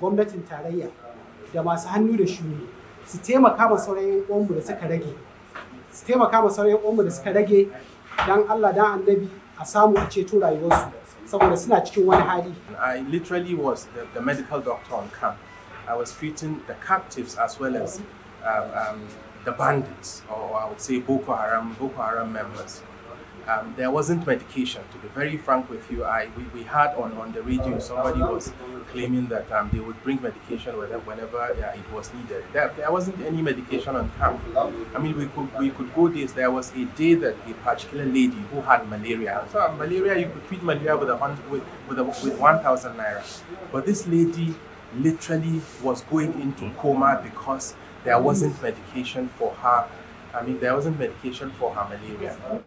gwamnatin tarayya da masu hannu da shuni su taimaka ma da suka rage su taimaka ma da suka rage Allah annabi a samu a ceto rayuwarsu saboda suna cikin wani hali I literally was the, the medical doctor on camp I was treating the captives as well as um, um, the bandits or I would say Boko Haram Boko Haram members um, there wasn't medication. To be very frank with you, I we, we had on, on the radio somebody was claiming that um, they would bring medication whenever, it was needed. There, there wasn't any medication on camp. I mean, we could we could go days. There was a day that a particular lady who had malaria. So um, malaria, you could treat malaria with a hundred with with, a, with one thousand naira, but this lady literally was going into coma because there wasn't medication for her. I mean, there wasn't medication for her malaria.